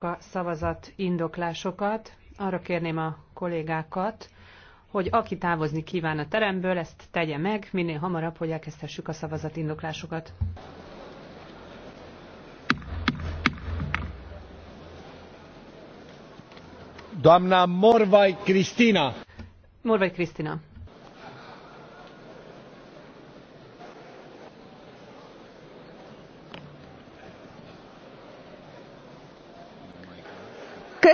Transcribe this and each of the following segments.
a szavazat indoklásokat. Arra kérném a kollégákat, hogy aki távozni kíván a teremből, ezt tegye meg, minél hamarabb, hogy elkezdhessük a szavazat indoklásokat. Damna Morvai Cristina. Morvai Cristina.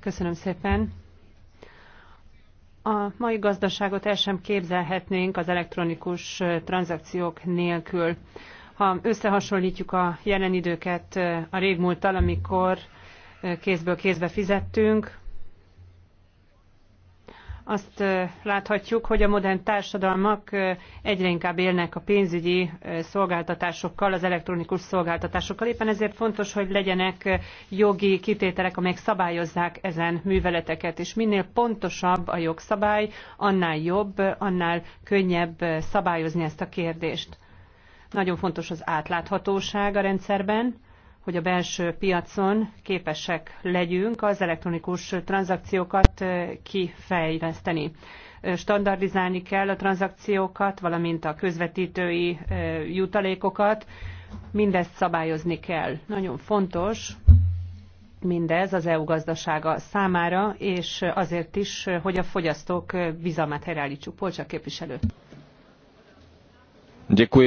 Köszönöm szépen. A mai gazdaságot el sem képzelhetnénk az elektronikus tranzakciók nélkül. Ha összehasonlítjuk a jelen időket a régmúlttal, amikor kézből kézbe fizettünk, azt láthatjuk, hogy a modern társadalmak egyre inkább élnek a pénzügyi szolgáltatásokkal, az elektronikus szolgáltatásokkal. Éppen ezért fontos, hogy legyenek jogi kitételek, amelyek szabályozzák ezen műveleteket, és minél pontosabb a jogszabály, annál jobb, annál könnyebb szabályozni ezt a kérdést. Nagyon fontos az átláthatóság a rendszerben hogy a belső piacon képesek legyünk az elektronikus tranzakciókat kifejleszteni. Standardizálni kell a tranzakciókat, valamint a közvetítői jutalékokat, mindezt szabályozni kell. Nagyon fontos mindez az EU gazdasága számára, és azért is, hogy a fogyasztók bizalmát helyreállítsuk. Polcsak képviselő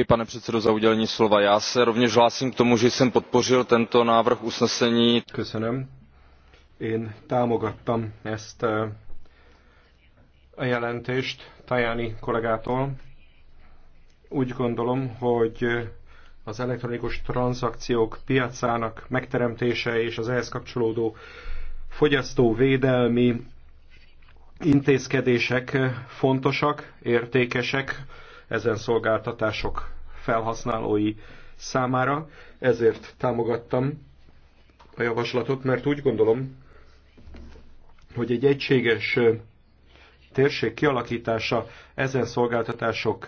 pane předsedající já se rovněž hlásím k tomu že jsem podpořil tento návrh usnesení. Eh, a tajani kollégától. Úgy gondolom, hogy eh, az elektronikus tranzakciók piacának megteremtése és az ehhez kapcsolódó fogyasztóvédelmi intézkedések eh, fontosak, értékesek, ezen szolgáltatások felhasználói számára. Ezért támogattam a javaslatot, mert úgy gondolom, hogy egy egységes térség kialakítása ezen szolgáltatások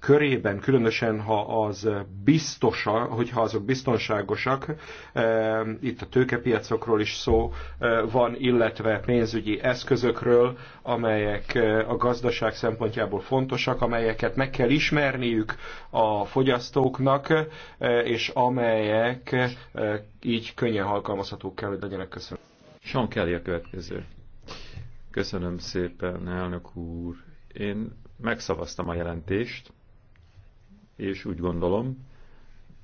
körében, különösen ha az biztosa, hogyha azok biztonságosak, itt a tőkepiacokról is szó van, illetve pénzügyi eszközökről, amelyek a gazdaság szempontjából fontosak, amelyeket meg kell ismerniük a fogyasztóknak, és amelyek így könnyen alkalmazhatók kell, hogy legyenek. Köszönöm. Sean Kelly a következő. Köszönöm szépen, elnök úr. Én megszavaztam a jelentést, és úgy gondolom,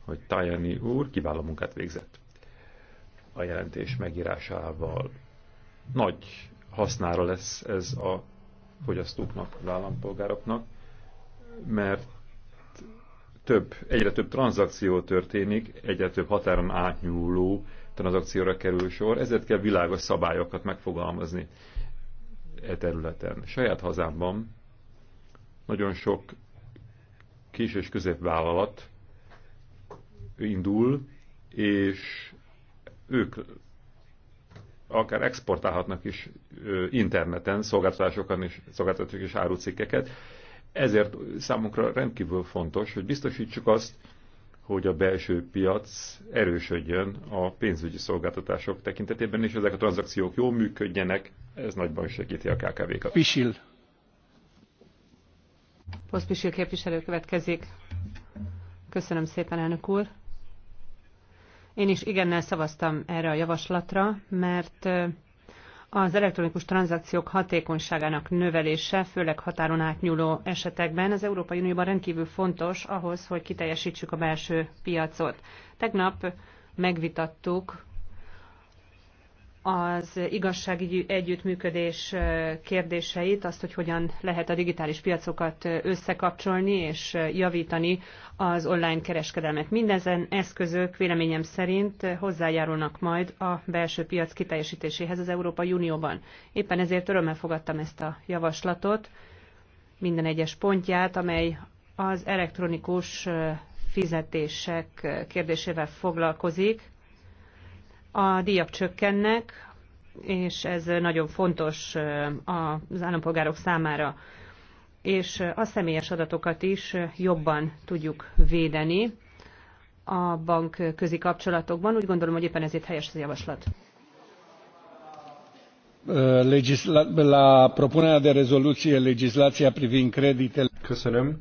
hogy Tajani úr kiváló munkát végzett a jelentés megírásával. Nagy hasznára lesz ez a fogyasztóknak, az állampolgároknak, mert több, egyre több tranzakció történik, egyre több határon átnyúló tranzakcióra kerül sor, ezért kell világos szabályokat megfogalmazni e területen. Saját hazámban nagyon sok kis és középvállalat indul, és ők akár exportálhatnak is interneten szolgáltatásokat és, szolgáltatások és árucikkeket. Ezért számunkra rendkívül fontos, hogy biztosítsuk azt, hogy a belső piac erősödjön a pénzügyi szolgáltatások tekintetében, és ezek a tranzakciók jól működjenek, ez nagyban segíti a KKV-kat. Pisil. Poszpisil képviselő következik. Köszönöm szépen, elnök úr. Én is igennel szavaztam erre a javaslatra, mert az elektronikus tranzakciók hatékonyságának növelése, főleg határon átnyúló esetekben az Európai Unióban rendkívül fontos ahhoz, hogy kiteljesítsük a belső piacot. Tegnap megvitattuk az igazságügyi együttműködés kérdéseit, azt, hogy hogyan lehet a digitális piacokat összekapcsolni és javítani az online kereskedelmet. Mindezen eszközök véleményem szerint hozzájárulnak majd a belső piac kiteljesítéséhez az Európai Unióban. Éppen ezért örömmel fogadtam ezt a javaslatot, minden egyes pontját, amely az elektronikus fizetések kérdésével foglalkozik, a díjak csökkennek, és ez nagyon fontos az állampolgárok számára, és a személyes adatokat is jobban tudjuk védeni a bank közi kapcsolatokban. Úgy gondolom, hogy éppen ezért helyes az javaslat. Legisla- la propunerea de rezoluție legislația privind creditele. Köszönöm.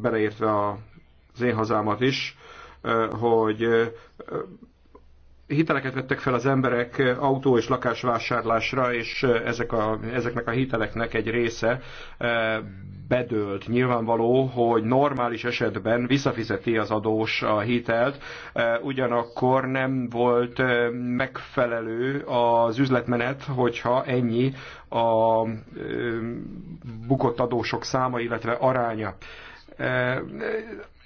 beleértve az én hazámat is, hogy hiteleket vettek fel az emberek eh, autó és lakásvásárlásra, és eh, ezek a, ezeknek a hiteleknek egy része eh, bedőlt. Nyilvánvaló, hogy normális esetben visszafizeti az adós a hitelt, ugyanakkor nem volt megfelelő az üzletmenet, hogyha ennyi a bukott adósok száma, illetve aránya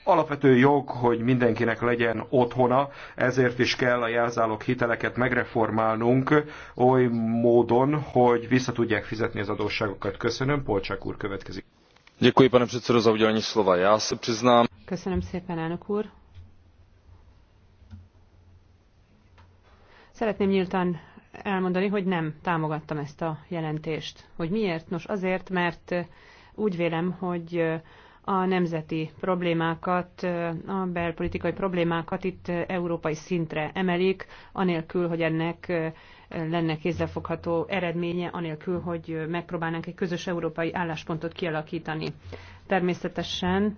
alapvető jog, hogy mindenkinek legyen otthona, ezért is kell a jelzálók hiteleket megreformálnunk oly módon, hogy vissza tudják fizetni az adósságokat. Köszönöm, Polcsák úr következik. Děkuji, pane předsedo, za udělení slova. Já se přiznám. Köszönöm szépen, elnök úr. Szeretném nyíltan elmondani, hogy nem támogattam ezt a jelentést. Hogy miért? Nos, azért, mert úgy vélem, hogy a nemzeti problémákat, a belpolitikai problémákat itt európai szintre emelik, anélkül, hogy ennek lenne kézzelfogható eredménye, anélkül, hogy megpróbálnánk egy közös európai álláspontot kialakítani. Természetesen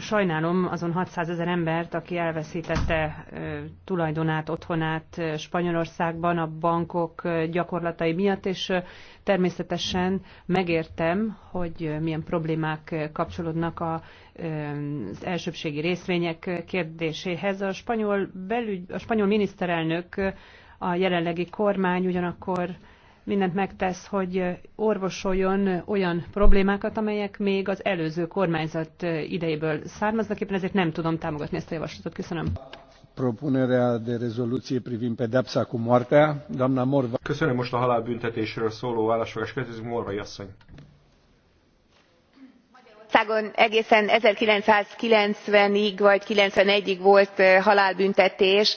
sajnálom azon 600 ezer embert, aki elveszítette tulajdonát, otthonát Spanyolországban a bankok gyakorlatai miatt, és természetesen megértem, hogy milyen problémák kapcsolódnak az elsőbségi részvények kérdéséhez. A spanyol, belügy, a spanyol miniszterelnök, a jelenlegi kormány ugyanakkor mindent megtesz, hogy orvosoljon olyan problémákat, amelyek még az előző kormányzat idejéből származnak, éppen ezért nem tudom támogatni ezt a javaslatot. Köszönöm. Propunerea de rezoluție privind pedepsa cu moartea, doamna Morva. Köszönöm most a halálbüntetésről szóló állásfogás következik Morvai asszony. Magyarországon egészen 1990-ig vagy 91-ig volt eh, halálbüntetés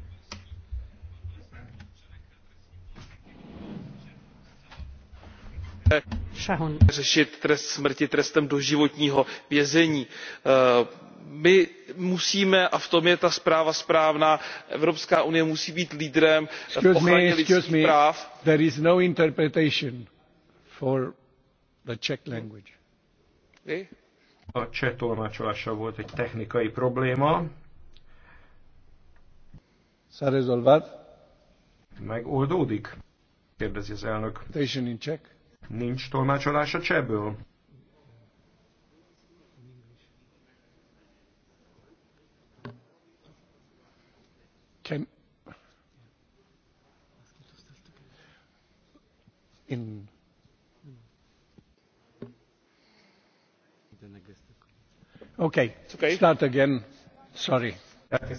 řešit trest smrti trestem doživotního vězení. Eh, my musíme a v tom je ta zpráva správná evropská unie musí být lídrem v ochraně lidských práv a cseh tolmácsolással volt egy technikai probléma. S-a rezolvat? Megoldódik? Kérdezi az elnök. Station in Czech. Nincs tolmácsolás a csehből. Can... In... Okay, okay. start again. Sorry.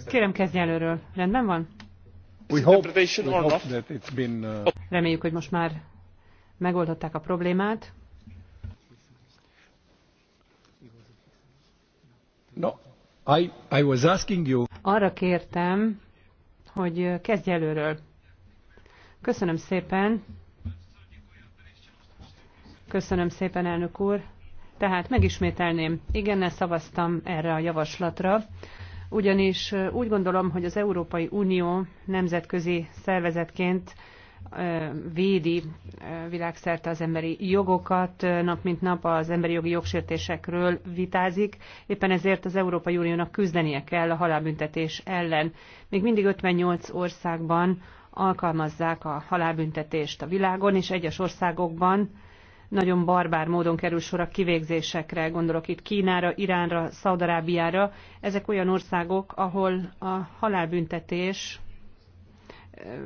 Kérem, kezdj előről. Rendben van? We hope, we hope that it's been, uh... Reméljük, hogy most már megoldották a problémát. No, I, I was asking you. Arra kértem, hogy kezdj előről. Köszönöm szépen. Köszönöm szépen, elnök úr. Tehát megismételném, igennel szavaztam erre a javaslatra, ugyanis úgy gondolom, hogy az Európai Unió nemzetközi szervezetként védi világszerte az emberi jogokat, nap mint nap az emberi jogi jogsértésekről vitázik. Éppen ezért az Európai Uniónak küzdenie kell a halálbüntetés ellen. Még mindig 58 országban alkalmazzák a halálbüntetést a világon, és egyes országokban nagyon barbár módon kerül sor a kivégzésekre, gondolok itt Kínára, Iránra, Szaudarábiára. Ezek olyan országok, ahol a halálbüntetés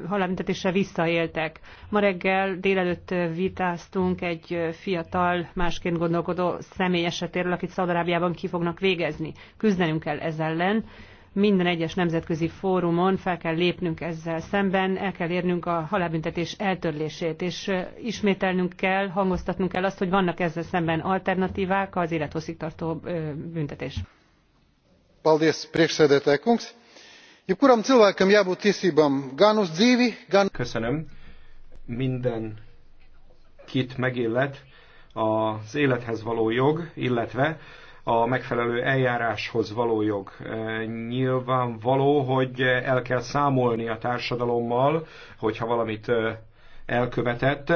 halálbüntetésre visszaéltek. Ma reggel délelőtt vitáztunk egy fiatal, másként gondolkodó személy esetéről, akit Szaudarábiában ki fognak végezni. Küzdenünk kell ez ellen. Minden egyes nemzetközi fórumon fel kell lépnünk ezzel szemben, el kell érnünk a halálbüntetés eltörlését, és ismételnünk kell, hangoztatnunk kell azt, hogy vannak ezzel szemben alternatívák az élethosszígtartó büntetés. Paldies, priekšsēdētāj kungs! Köszönöm. Minden kit megillet az élethez való jog, illetve a megfelelő eljáráshoz való jog. E, nyilvánvaló, hogy el kell számolni a társadalommal, hogyha valamit e, elkövetett,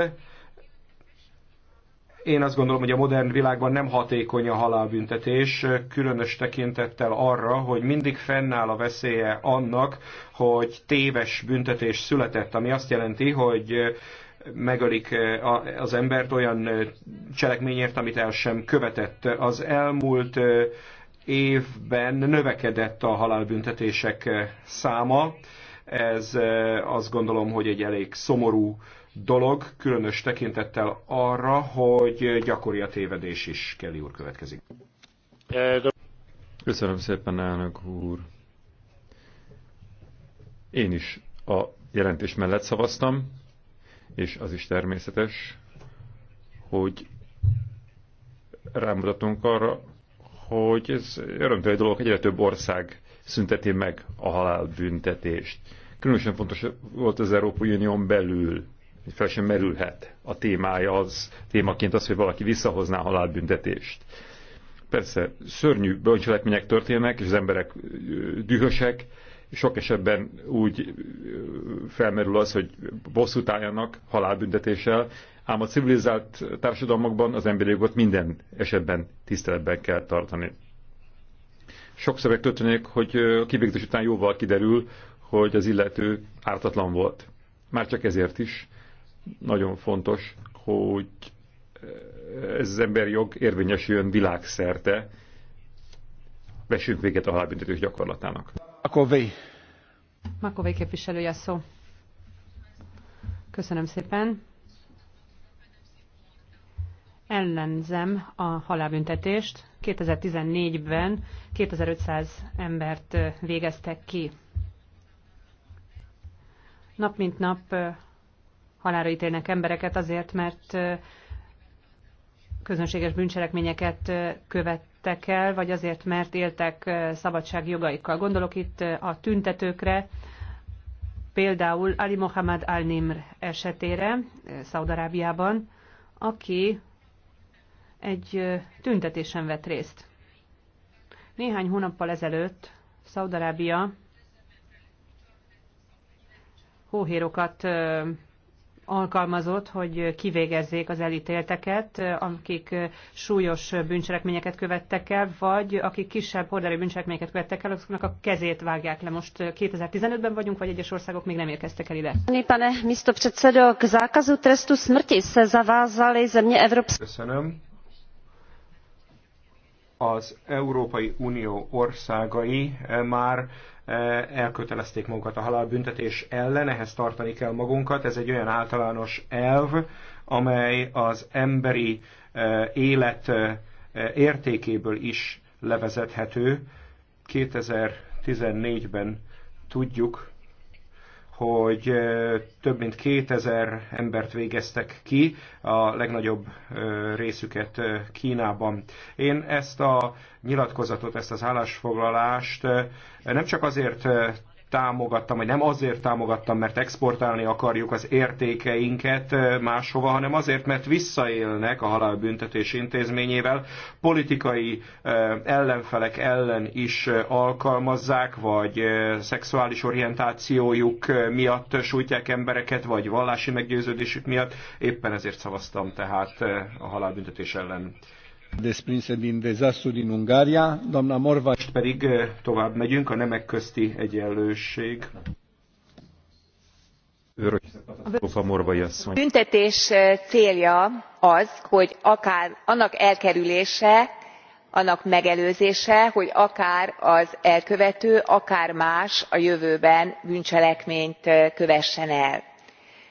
én azt gondolom, hogy a modern világban nem hatékony a halálbüntetés, különös tekintettel arra, hogy mindig fennáll a veszélye annak, hogy téves büntetés született, ami azt jelenti, hogy megölik eh, az embert olyan eh, cselekményért, amit el sem követett. Az elmúlt eh, évben növekedett a halálbüntetések száma. Ez azt gondolom, hogy egy elég szomorú dolog, különös tekintettel arra, hogy gyakori a tévedés is. Kelly úr következik. Köszönöm szépen, elnök úr. Én is a jelentés mellett szavaztam, és az is természetes, hogy rámutatunk arra, hogy ez örömteli dolog, egyre több ország szünteti meg a halálbüntetést. Különösen fontos volt az Európai Unión belül fel sem merülhet a témája az, témaként az, hogy valaki visszahozná a halálbüntetést. Persze, szörnyű bölcselekmények történnek, és az emberek dühösek, sok esetben úgy felmerül az, hogy bosszút álljanak halálbüntetéssel, ám a civilizált társadalmakban az emberi jogot minden esetben tiszteletben kell tartani. Sokszor történik, hogy a kivégzés után jóval kiderül, hogy az illető ártatlan volt. Már csak ezért is, nagyon fontos, hogy ez az emberjog érvényesüljön világszerte. Vessünk véget a halálbüntetés gyakorlatának. Makovei. Makovei képviselője szó. Köszönöm szépen. Ellenzem a halálbüntetést. 2014-ben 2500 embert végeztek ki. Nap mint nap halára ítélnek embereket azért, mert közönséges bűncselekményeket követtek el, vagy azért, mert éltek szabadságjogaikkal. Gondolok itt a tüntetőkre, például Ali Mohamed Al-Nimr esetére Szaudarábiában, aki egy tüntetésen vett részt. Néhány hónappal ezelőtt Szaudarábia hóhérokat alkalmazott, hogy kivégezzék az elítélteket, akik súlyos bűncselekményeket követtek el, vagy akik kisebb horderő bűncselekményeket követtek el, azoknak a kezét vágják le. Most 2015-ben vagyunk, vagy egyes országok még nem érkeztek el ide. Pane místo předsedo, k zákazu trestu smrti se zavázaly země Evropské. Köszönöm az Európai Unió országai eh, már eh, elkötelezték magukat a halálbüntetés ellen, ehhez tartani kell magunkat. Ez egy olyan általános elv, amely az emberi eh, élet értékéből is levezethető. 2014-ben tudjuk, hogy több mint 2000 embert végeztek ki, a legnagyobb részüket Kínában. Én ezt a nyilatkozatot, ezt az állásfoglalást nem csak azért támogattam, vagy nem azért támogattam, mert exportálni akarjuk az értékeinket máshova, hanem azért, mert visszaélnek a halálbüntetés intézményével, politikai ellenfelek ellen is alkalmazzák, vagy szexuális orientációjuk miatt sújtják embereket, vagy vallási meggyőződésük miatt. Éppen ezért szavaztam tehát a halálbüntetés ellen desprinse din dezastru din Ungaria, Doamna Morva... Most pedig eh, tovább megyünk a nemek közti egyenlőség. A büntetés eh, célja az, hogy akár annak elkerülése, annak megelőzése, hogy akár az elkövető, akár más a jövőben bűncselekményt eh, kövessen el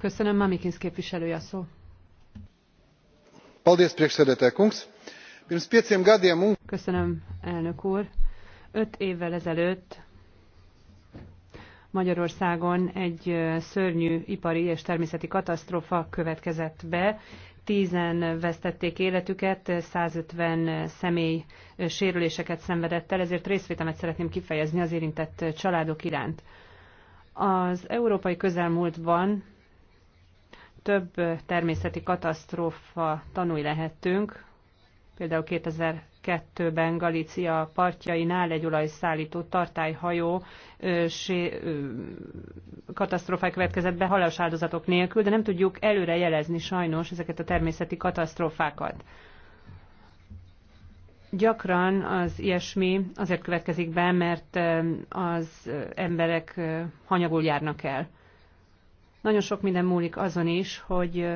Köszönöm, Mamikins képviselője a szó. Köszönöm, elnök úr. Öt évvel ezelőtt Magyarországon egy szörnyű ipari és természeti katasztrófa következett be. Tízen vesztették életüket, 150 személy sérüléseket szenvedett el, ezért részvételmet szeretném kifejezni az érintett családok iránt. Az európai közelmúltban több természeti katasztrófa tanúi lehettünk. Például 2002-ben Galícia partjainál egy olajszállító tartályhajó katasztrófák következett be halálos áldozatok nélkül, de nem tudjuk előre jelezni sajnos ezeket a természeti katasztrófákat. Gyakran az ilyesmi azért következik be, mert az emberek hanyagul járnak el. Nagyon sok minden múlik azon is, hogy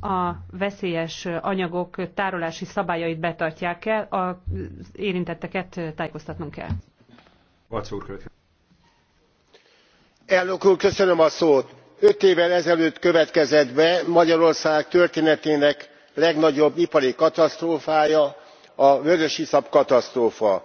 a veszélyes anyagok tárolási szabályait betartják el, az érintetteket tájékoztatnunk kell. Elnök úr, köszönöm a szót. Öt évvel ezelőtt következett be Magyarország történetének legnagyobb ipari katasztrófája, a vörösiszap katasztrófa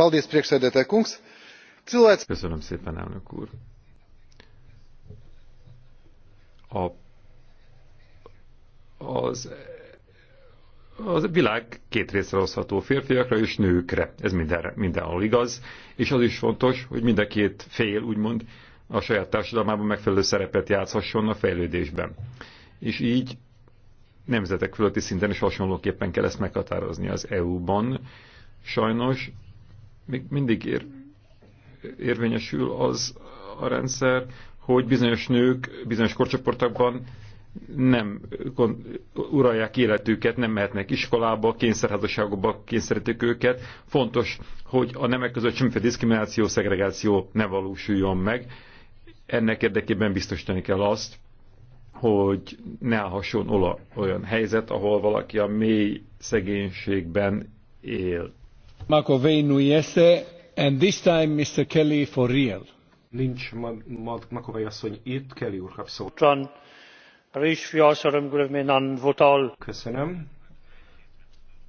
Paldies, priekšsēdētāj kungs! Cilvēks... Köszönöm szépen, elnök A, az, az világ két részre osztható férfiakra és nőkre. Ez minden, mindenhol igaz, és az is fontos, hogy mind a két fél, úgymond, a saját társadalmában megfelelő szerepet játszhasson a fejlődésben. És így nemzetek fölötti szinten is hasonlóképpen kell ezt meghatározni az EU-ban. Sajnos még mindig ér, érvényesül az a rendszer, hogy bizonyos nők bizonyos korcsoportokban nem uralják életüket, nem mehetnek iskolába, kényszerházasságokba kényszerítik őket. Fontos, hogy a nemek között semmiféle diszkrimináció, szegregáció ne valósuljon meg. Ennek érdekében biztosítani kell azt, hogy ne állhasson olyan helyzet, ahol valaki a mély szegénységben él. Makovei nu este, and this time Mr. Kelly for real. Nincs ma, ma, Makovei asszony itt, Kelly úr kap szót. John, Köszönöm.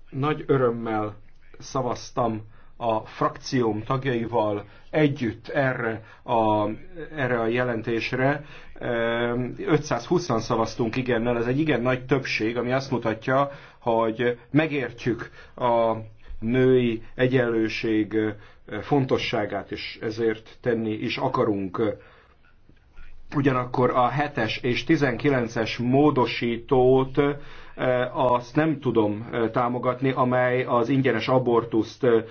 Nagy örömmel szavaztam a frakcióm tagjaival együtt erre a, erre a jelentésre. 520-an ehm, szavaztunk igennel, ez egy igen nagy többség, ami azt mutatja, hogy megértjük a női egyenlőség fontosságát, és ezért tenni is akarunk. Ugyanakkor a 7-es és 19-es módosítót Eh, azt nem tudom eh, támogatni, amely az ingyenes abortuszt eh,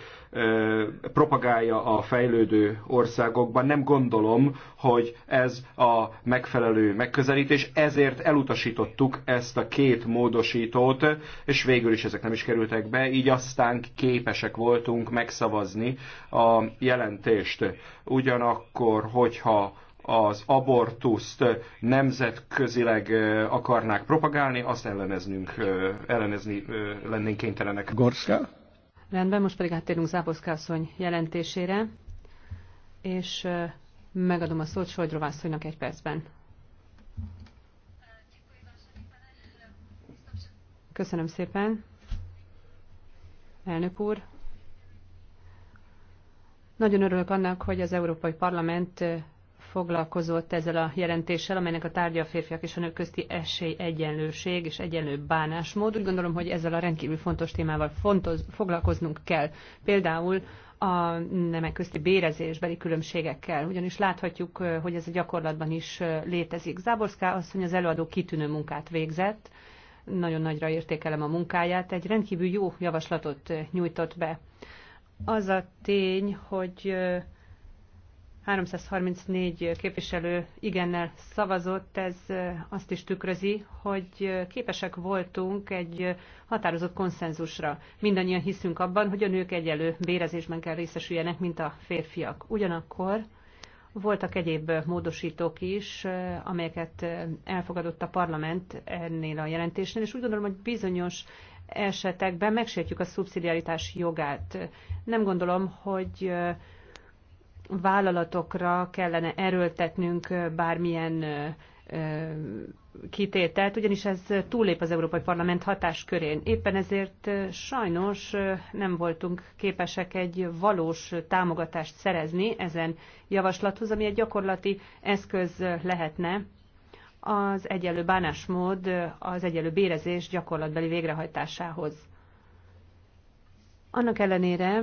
propagálja a fejlődő országokban. Nem gondolom, hogy ez a megfelelő megközelítés, ezért elutasítottuk ezt a két módosítót, és végül is ezek nem is kerültek be, így aztán képesek voltunk megszavazni a jelentést. Ugyanakkor, hogyha az abortuszt nemzetközileg akarnák propagálni, azt elleneznünk, ellenezni lennénk kénytelenek. Gorska? Rendben, most pedig áttérünk Záboszka asszony jelentésére, és megadom a szót Sojdrov asszonynak egy percben. Köszönöm szépen. Elnök úr. Nagyon örülök annak, hogy az Európai Parlament foglalkozott ezzel a jelentéssel, amelynek a tárgya a férfiak és a nők közti esély, egyenlőség és egyenlő bánásmód. Úgy gondolom, hogy ezzel a rendkívül fontos témával fontos, foglalkoznunk kell. Például a nemek közti bérezésbeli különbségekkel, ugyanis láthatjuk, hogy ez a gyakorlatban is létezik. Záborská asszony az előadó kitűnő munkát végzett, nagyon nagyra értékelem a munkáját, egy rendkívül jó javaslatot nyújtott be. Az a tény, hogy 334 képviselő igennel szavazott, ez azt is tükrözi, hogy képesek voltunk egy határozott konszenzusra. Mindannyian hiszünk abban, hogy a nők egyelő bérezésben kell részesüljenek, mint a férfiak. Ugyanakkor voltak egyéb módosítók is, amelyeket elfogadott a parlament ennél a jelentésnél, és úgy gondolom, hogy bizonyos esetekben megsértjük a szubszidiaritás jogát. Nem gondolom, hogy vállalatokra kellene erőltetnünk bármilyen kitételt, ugyanis ez túllép az Európai Parlament hatáskörén. Éppen ezért sajnos nem voltunk képesek egy valós támogatást szerezni ezen javaslathoz, ami egy gyakorlati eszköz lehetne az egyenlő bánásmód, az egyenlő bérezés gyakorlatbeli végrehajtásához. Annak ellenére,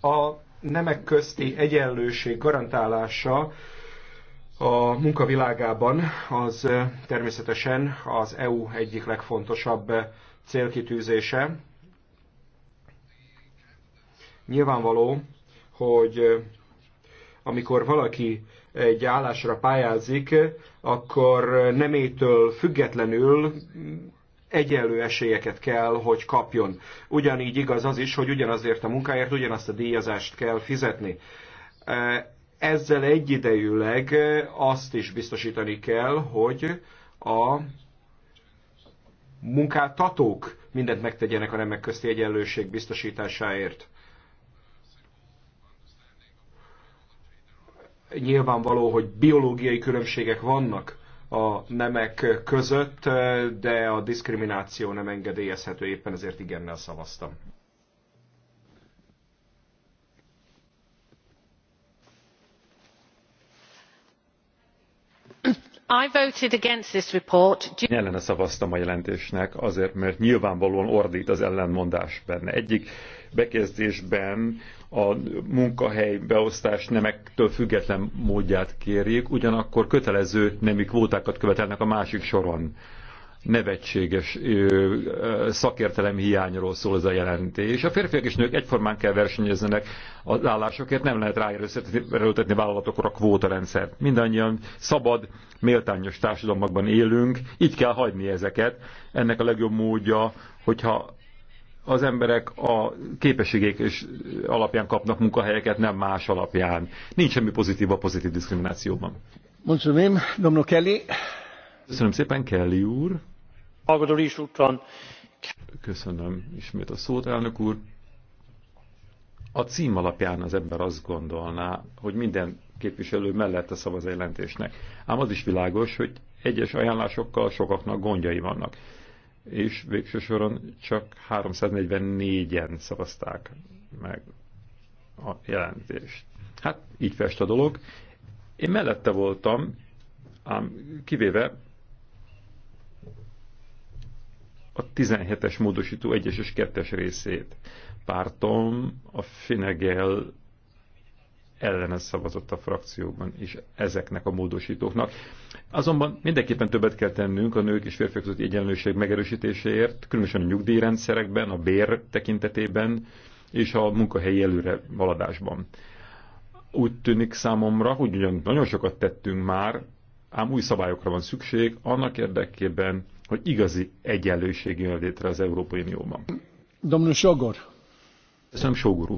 a nemek közti egyenlőség garantálása a munkavilágában az természetesen az EU egyik legfontosabb célkitűzése. Nyilvánvaló, hogy amikor valaki egy állásra pályázik, akkor nemétől függetlenül egyenlő esélyeket kell, hogy kapjon. Ugyanígy igaz az is, hogy ugyanazért a munkáért ugyanazt a díjazást kell fizetni. Eh, ezzel egyidejűleg eh, azt is biztosítani kell, hogy a munkáltatók mindent megtegyenek a nemek közti egyenlőség biztosításáért. Nyilvánvaló, hogy biológiai különbségek vannak a nemek között, de a diszkrimináció nem engedélyezhető, éppen ezért igennel szavaztam. I voted against this report. Én ellene szavaztam a jelentésnek, azért, mert nyilvánvalóan ordít az ellenmondás benne. Egyik bekezdésben a munkahely beosztás nemektől független módját kérjék, ugyanakkor kötelező nemi kvótákat követelnek a másik soron. Nevetséges ö, ö, szakértelem hiányról szól ez a jelentés. A férfiak és nők egyformán kell versenyezzenek az állásokért, nem lehet ráerőltetni vállalatokra a rendszer Mindannyian szabad, méltányos társadalmakban élünk, így kell hagyni ezeket. Ennek a legjobb módja, hogyha az emberek a képességek és alapján kapnak munkahelyeket, nem más alapján. Nincs semmi pozitív a pozitív diszkriminációban. Köszönöm, domnó Kelly. Köszönöm szépen, Kelly úr. Köszönöm ismét a szót, elnök úr. A cím alapján az ember azt gondolná, hogy minden képviselő mellette szavaz a jelentésnek. Ám az is világos, hogy egyes ajánlásokkal sokaknak gondjai vannak és végső soron csak 344-en szavazták meg a jelentést. Hát így fest a dolog. Én mellette voltam, ám kivéve a 17-es módosító 1-es és 2-es részét. Pártom a Finegel ellene szavazott a frakcióban is ezeknek a módosítóknak. Azonban mindenképpen többet kell tennünk a nők és férfiak közötti egyenlőség megerősítéséért, különösen a nyugdíjrendszerekben, a bér tekintetében és a munkahelyi előre haladásban. Úgy tűnik számomra, hogy ugyan nagyon sokat tettünk már, ám új szabályokra van szükség annak érdekében, hogy igazi egyenlőség jön létre az Európai Unióban. Domnul Sogor. Köszönöm, Sogor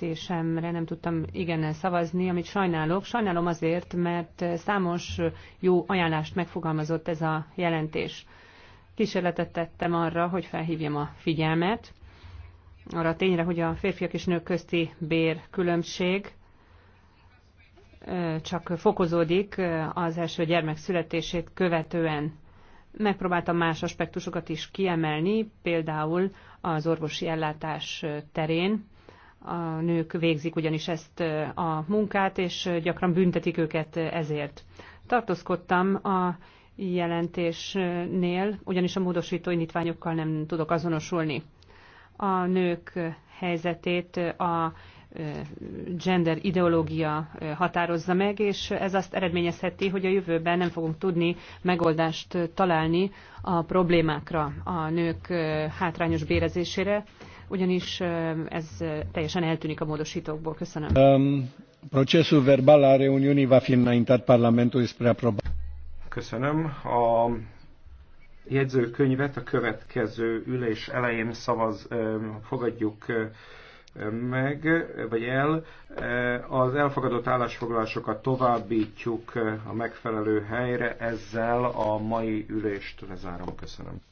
jelentésemre nem tudtam igennel szavazni, amit sajnálok. Sajnálom azért, mert számos jó ajánlást megfogalmazott ez a jelentés. Kísérletet tettem arra, hogy felhívjam a figyelmet arra a tényre, hogy a férfiak és nők közti bérkülönbség csak fokozódik az első gyermek születését követően. Megpróbáltam más aspektusokat is kiemelni, például az orvosi ellátás terén, a nők végzik ugyanis ezt a munkát, és gyakran büntetik őket ezért. Tartózkodtam a jelentésnél, ugyanis a módosító indítványokkal nem tudok azonosulni. A nők helyzetét a gender ideológia határozza meg, és ez azt eredményezheti, hogy a jövőben nem fogunk tudni megoldást találni a problémákra, a nők hátrányos bérezésére, ugyanis ez teljesen eltűnik a módosítókból. Köszönöm. Um, verbal a va fi înaintat Parlamentul spre Köszönöm. A jegyzőkönyvet a következő ülés elején szavaz, fogadjuk meg, vagy el. Az elfogadott állásfoglalásokat továbbítjuk a megfelelő helyre, ezzel a mai ülést lezárom. Köszönöm.